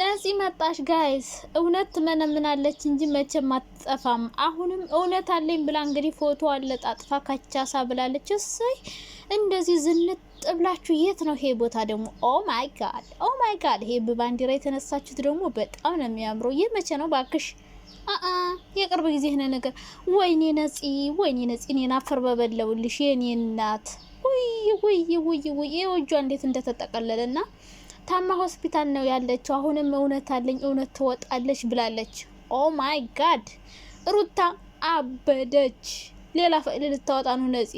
ነፂ መጣሽ ጋይስ። እውነት ትመነምናለች እንጂ መቼም አትጠፋም። አሁንም እውነት አለኝ ብላ እንግዲህ ፎቶ አለ ጣጥፋ ካቻሳ ብላለች። እሰይ እንደዚህ ዝንጥ ብላችሁ የት ነው ይሄ ቦታ ደግሞ? ኦ ማይ ጋድ ኦ ማይ ጋድ! ይሄ በባንዲራ የተነሳችሁት ደግሞ በጣም ነው የሚያምረው። ይህ መቼ ነው ባክሽ? አአ የቅርብ ጊዜ የሆነ ነገር። ወይኔ ነፂ፣ ወይኔ ነፂ፣ እኔን አፈር በበለውልሽ የኔ እናት። ውይ ውይ ውይ ውይ! ይወጇ እንዴት እንደተጠቀለለና ታማ ሆስፒታል ነው ያለችው። አሁንም እውነት አለኝ እውነት ትወጣለች ብላለች። ኦ ማይ ጋድ ሩታ አበደች። ሌላ ፋይል ልታወጣ ነው ነፂ።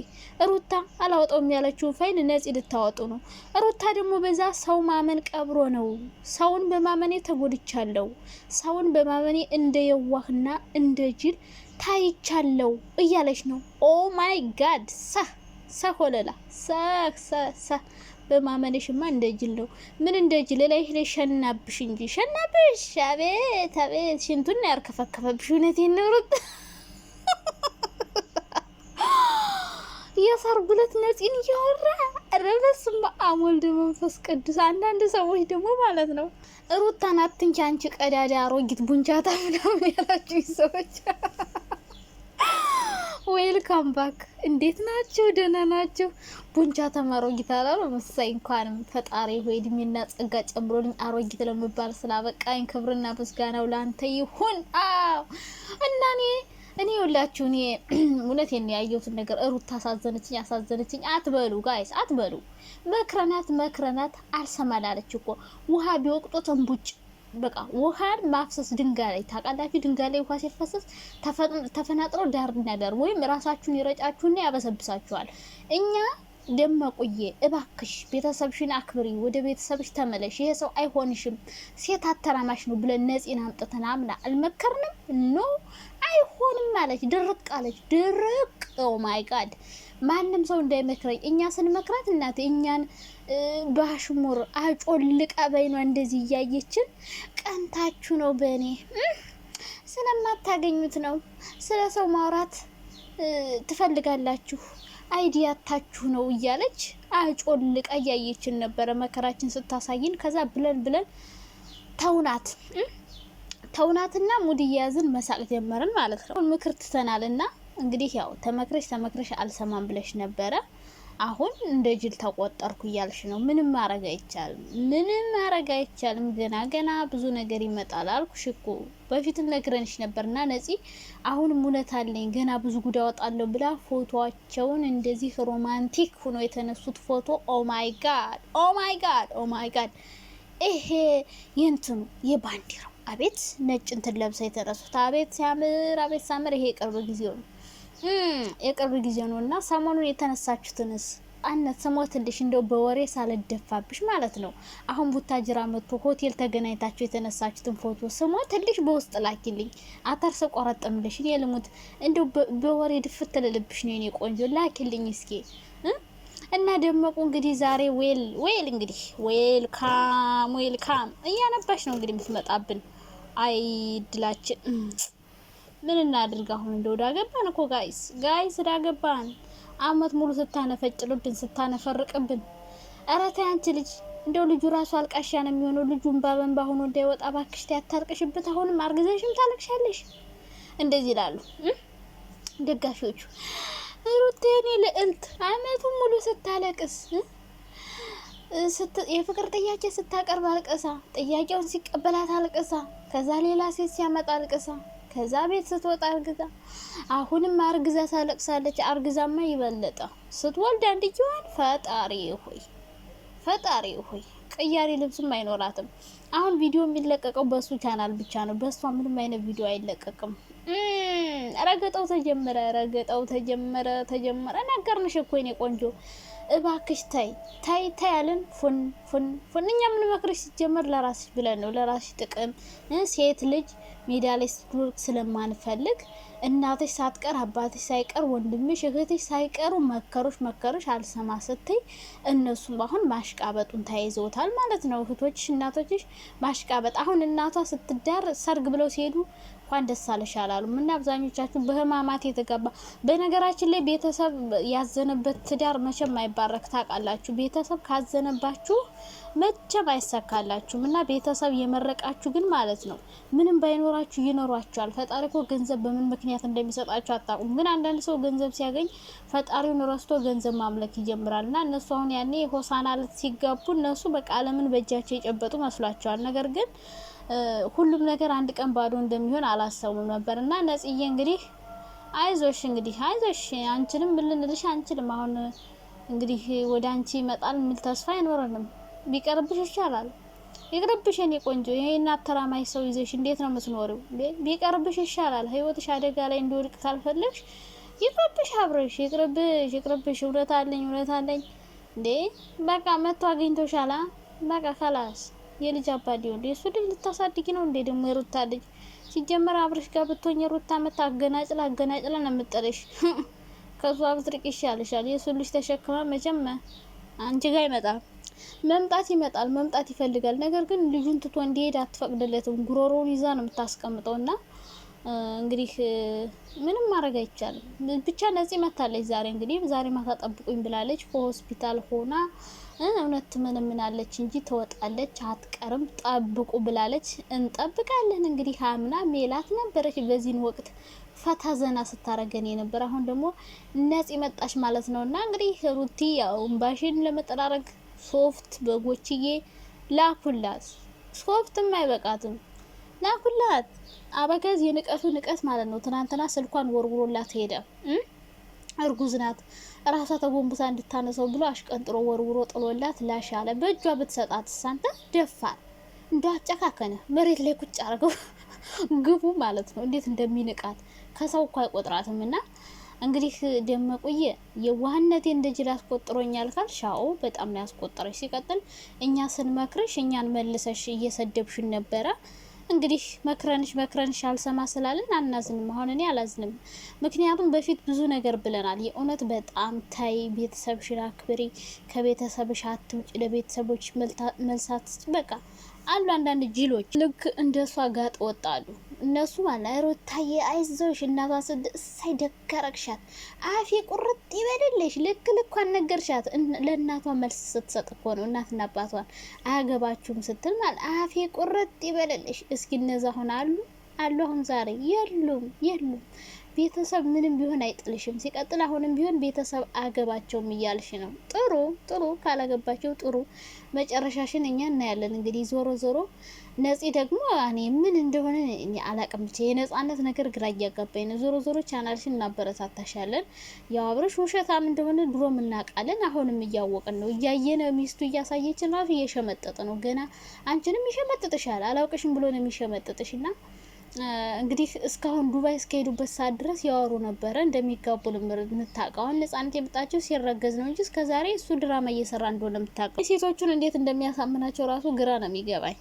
ሩታ አላወጣውም ያለችውን ፋይል ነፂ ልታወጡ ነው። ሩታ ደግሞ በዛ ሰው ማመን ቀብሮ ነው። ሰውን በማመኔ ተጎድቻለሁ፣ ሰውን በማመኔ እንደ የዋህና እንደ ጅል ታይቻለሁ እያለች ነው። ኦ ማይ ጋድ ሰህ ሰህ ወለላ ሰህ ሰህ ሰህ በማመንሽማ እንደ ጅል ነው። ምን እንደ ጅል ላይ ላይ ሸናብሽ እንጂ ሸናብሽ። አቤት አቤት፣ ሽንቱን ያርከፈከፈብሽ። እውነቴን ነው ሩት የሰርጉለት ነፂን እያወራ ረበስ በአሞል መንፈስ ቅዱስ። አንዳንድ ሰዎች ደግሞ ማለት ነው ሩታን አትንኪ አንቺ ቀዳዳ አሮጊት ቡንቻታ ምናምን ያላችሁ ሰዎች ዌልካም ባክ እንዴት ናችሁ? ደህና ናችሁ? ቡንቻ ተማሮጊት አላሉ መሳይ እንኳንም ፈጣሪ ሆይ እድሜና ጸጋ ጨምሮልኝ አሮጊት ለመባል ስላበቃኝ ክብርና ምስጋናው ለአንተ ይሁን። አዎ እና እኔ እኔ ሁላችሁ እኔ እውነቴን ነው ያየሁትን ነገር ሩት አሳዘነችኝ፣ አሳዘነችኝ አትበሉ ጋይስ አትበሉ። መክረናት መክረናት አልሰማላለች እኮ ውሃ ቢወቅጦ ተንቡጭ በቃ ውሃን ማፍሰስ ድንጋይ ላይ ታውቃላችሁ፣ ድንጋይ ላይ ውሃ ሲፈሰስ ተፈናጥሮ ዳር እና ወይም ራሳችሁን ይረጫችሁና ያበሰብሳችኋል። እኛ ደመቁየ እባክሽ ቤተሰብሽን አክብሪ፣ ወደ ቤተሰብሽ ተመለሽ፣ ይሄ ሰው አይሆንሽም፣ ሴት አተራማሽ ነው ብለን ነፂን አምጥተን አምና አልመከርንም። ኖ አይሆንም አለች፣ ድርቅ አለች፣ ድርቅ ኦ ማይ ጋድ ማንም ሰው እንዳይመክረኝ እኛ ስንመክራት እናቴ እኛን በአሽሙር አጮልቃ በይኗ እንደዚህ እያየችን ቀንታችሁ ነው በእኔ ስለማታገኙት ነው ስለ ሰው ማውራት ትፈልጋላችሁ አይዲያታችሁ ነው እያለች አጮልቃ እያየችን ነበረ መከራችን ስታሳይን ከዛ ብለን ብለን ተውናት ተውናትና ሙድ እየያዝን መሳቅ ጀመርን ማለት ነው ምክር ትተናል እና እንግዲህ ያው ተመክረሽ ተመክረሽ አልሰማም ብለሽ ነበረ። አሁን እንደ ጅል ተቆጠርኩ እያልሽ ነው። ምንም ማረግ አይቻልም፣ ምንም ማረግ አይቻልም። ገና ገና ብዙ ነገር ይመጣል። አልኩሽ እኮ በፊትም ነግረንሽ ነበርና ነፂ፣ አሁንም እውነት አለኝ ገና ብዙ ጉዳ ወጣለሁ ብላ ፎቶቸውን እንደዚህ ሮማንቲክ ሆኖ የተነሱት ፎቶ ማይ ጋድ፣ ማይ ጋድ፣ ማይ ጋድ። ይሄ የእንትኑ የባንዲራው አቤት ነጭ እንትን ለብሰ የተነሱት አቤት ሲያምር፣ አቤት ሲያምር። ይሄ ቅርብ ጊዜው ነው የቅርብ ጊዜ ነው እና ሰሞኑን የተነሳችሁትንስ አነሰሞት ትንሽ እንደው በወሬ ሳልደፋብሽ ማለት ነው። አሁን ቡታጅራ መጥቶ ሆቴል ተገናኝታችሁ የተነሳችሁትን ፎቶ ስሞ ትንሽ በውስጥ ላኪልኝ። አተርሰ ቆረጥምልሽ እኔ ልሙት። እንደው በወሬ ድፍት ትልልብሽ ነው የኔ ቆንጆ፣ ላኪልኝ እስኪ። እና ደመቁ እንግዲህ ዛሬ ዌል ዌል እንግዲህ ዌልካም ዌልካም እያነባሽ ነው እንግዲህ የምትመጣብን። አይድላችን ምን እናድርግ አሁን? እንደ ወደ እኮ ጋይስ ጋይስ ዳገባን አመት ሙሉ ስታነፈጭልብን ስታነፈርቅብን። ኧረ ተይ አንቺ ልጅ እንደው ልጁ ራሱ አልቃሻ ነው የሚሆነው። ልጁ እንባ በእንባ ሆኖ እንዳይወጣ እባክሽ ተይ አታልቅሽበት። አሁንም አርግዘሽም ታለቅሻለሽ። እንደዚህ ይላሉ ደጋፊዎቹ። ሩቴ የኔ ልዕልት አመቱን ሙሉ ስታለቅስ የፍቅር ጥያቄ ስታቀርብ አልቅሳ፣ ጥያቄውን ሲቀበላት አልቅሳ፣ ከዛ ሌላ ሴት ሲያመጣ አልቅሳ ከዛ ቤት ስትወጣ አርግዛ አሁንም አርግዛ ታለቅሳለች። አርግዛማ ይበለጠ ስትወልድ አንድየዋን ፈጣሪ ሆይ ፈጣሪ ሆይ ቅያሬ ልብስም አይኖራትም። አሁን ቪዲዮ የሚለቀቀው በሱ ቻናል ብቻ ነው። በሷ ምንም አይነት ቪዲዮ አይለቀቅም። ረገጠው ተጀመረ፣ ረገጠው ተጀመረ፣ ተጀመረ። ነገርንሽ እኮ የኔ ቆንጆ እባክሽ ታይ ታይ ታይ አለን ፉን ፉን ፉን። እኛ የምንመክርሽ ሲጀመር ለራስሽ ብለን ነው፣ ለራስሽ ጥቅም። ሴት ልጅ ሜዳ ላይ ስለማንፈልግ እናትሽ ሳትቀር አባትሽ ሳይቀር ወንድምሽ እህትሽ ሳይቀሩ መከሩሽ መከሩሽ አልሰማ ስትይ እነሱም አሁን ማሽቃበጡን ተያይዘውታል ማለት ነው። እህቶችሽ እናቶችሽ ማሽቃበጥ አሁን እናቷ ስትዳር ሰርግ ብለው ሲሄዱ እንኳን ደስ አለሽ አላሉም እና አብዛኞቻችሁ በህማማት የተጋባ በነገራችን ላይ ቤተሰብ ያዘነበት ትዳር መቼም አይባረክ ታውቃላችሁ። ቤተሰብ ካዘነባችሁ መቼም አይሰካላችሁም እና ቤተሰብ የመረቃችሁ ግን ማለት ነው ምንም ባይኖራችሁ ይኖሯችኋል። ፈጣሪ እኮ ገንዘብ በምን ምክንያት እንደሚሰጣችሁ አታውቁም። ግን አንዳንድ ሰው ገንዘብ ሲያገኝ ፈጣሪውን ረስቶ ገንዘብ ማምለክ ይጀምራል እና እነሱ አሁን ያኔ ሆሳና ሲጋቡ እነሱ በቃ በእጃቸው የጨበጡ መስሏቸዋል ነገር ግን ሁሉም ነገር አንድ ቀን ባዶ እንደሚሆን አላሰቡም ነበር እና ነጽዬ እንግዲህ አይዞሽ እንግዲህ አይዞሽ አንችልም ምን ልንልሽ አንችልም። አሁን እንግዲህ ወደ አንቺ ይመጣል የሚል ተስፋ አይኖረንም። ቢቀርብሽ ይሻላል። ይቅርብሽ የኔ ቆንጆ፣ እናት አተራማሽ ሰው ይዘሽ እንዴት ነው የምትኖሪው? ቢቀርብሽ ይሻላል። ህይወትሽ አደጋ ላይ እንዲወድቅ ካልፈለግሽ ይቅርብሽ፣ አብረሽ ይቅርብሽ፣ ይቅርብሽ። እውነት አለኝ እውነት አለኝ እንዴ! በቃ መጥቶ አግኝቶሻላ። በቃ ከላስ የልጅ አባት ሊሆን የእሱ ልጅ ልታሳድጊ ነው እንዴ? ደግሞ የሩታ ልጅ ሲጀመር አብረሽ ጋር ብትሆኝ የሩታ መታ አገናጭላ አገናጭላ ነው የምጠለሽ። ከሱ አብዝርቅ ይሻልሻል። የእሱ ልጅ ተሸክማ መቼም አንቺ ጋር ይመጣል መምጣት ይመጣል፣ መምጣት ይፈልጋል። ነገር ግን ልጁን ትቶ እንዲሄድ አትፈቅድለትም። ጉሮሮውን ይዛ ነው የምታስቀምጠው። እና እንግዲህ ምንም ማድረግ አይቻልም። ብቻ ነፂ መታለች ዛሬ። እንግዲህ ዛሬ ማታ ጠብቁኝ ብላለች። ከሆስፒታል ሆና እውነት ትመነምናለች እንጂ ትወጣለች አትቀርም፣ ጠብቁ ብላለች። እንጠብቃለን እንግዲህ። አምና ሜላት ነበረች በዚህን ወቅት ፈታ ዘና ስታረገን የነበር። አሁን ደግሞ ነጽ መጣች ማለት ነው። እና እንግዲህ ሩቲ ያው እምባሽን ለመጠራረግ ሶፍት በጎችዬ ላኩላት። ሶፍትም አይበቃትም ላኩላት። አበገዝ የንቀቱ ንቀት ማለት ነው። ትናንትና ስልኳን ወርውሮላት ሄደ። እርጉዝ ናት ራሷ ተጎንብሳ እንድታነሰው ብሎ አሽቀንጥሮ ወርውሮ ጥሎላት ላሽ አለ። በእጇ ብትሰጣት ሳንተ ደፋር እንዳጨካከነ መሬት ላይ ቁጭ አርገው ግቡ ማለት ነው። እንዴት እንደሚንቃት ከሰው እኮ አይቆጥራትም። እና እንግዲህ ደመቁዬ የዋህነቴ እንደ ጅል አስቆጥሮኛል ካል ሻኦ በጣም ነው ያስቆጠረች። ሲቀጥል እኛ ስንመክርሽ እኛን መልሰሽ እየሰደብሽን ነበረ እንግዲህ መክረንሽ መክረንሽ አልሰማ ስላልን አናዝንም። አሁን እኔ አላዝንም፣ ምክንያቱም በፊት ብዙ ነገር ብለናል። የእውነት በጣም ታይ ቤተሰብሽን አክብሪ፣ ከቤተሰብሽ አትውጭ፣ ለቤተሰቦች መልሳት በቃ አሉ አንዳንድ ጅሎች ልክ እንደሷ ጋጥ ወጣሉ። እነሱ ማለት ሩታዬ አይዞሽ እናቷ ስድ እሳይ ደከረቅሻት አፌ ቁርጥ ይበልልሽ ልክ ልኳን ነገርሻት። ለእናቷ መልስ ስትሰጥ እኮ ነው እናትና አባቷን አያገባችሁም ስትል ማለት አፌ ቁርጥ ይበልልሽ። እስኪ እነዛ ሆናሉ አለሁም ዛሬ የሉም የሉም። ቤተሰብ ምንም ቢሆን አይጥልሽም። ሲቀጥል አሁንም ቢሆን ቤተሰብ አገባቸውም እያልሽ ነው። ጥሩ ጥሩ፣ ካላገባቸው ጥሩ። መጨረሻሽን እኛ እናያለን። እንግዲህ ዞሮ ዞሮ ነፂ ደግሞ እኔ ምን እንደሆነ አላቅም። ብቻ የነጻነት ነገር ግራ እያጋባኝ ነው። ዞሮ ዞሮ ቻናልሽን እናበረታታሻለን። ያው አብረሽ ውሸታም እንደሆነ ድሮ እናውቃለን። አሁንም እያወቅን ነው። እያየነ ሚስቱ እያሳየችን ራሱ እየሸመጠጥ ነው። ገና አንቺንም ይሸመጥጥሻል። አላውቅሽም ብሎ ነው የሚሸመጥጥሽ ና እንግዲህ እስካሁን ዱባይ እስከሄዱበት ሰዓት ድረስ ያወሩ ነበረ። እንደሚጋቡ ልምር የምታውቀዋን ነጻነት የመጣቸው ሲረገዝ ነው እንጂ እስከዛሬ እሱ ድራማ እየሰራ እንደሆነ የምታውቀው ሴቶቹን እንዴት እንደሚያሳምናቸው ራሱ ግራ ነው የሚገባኝ።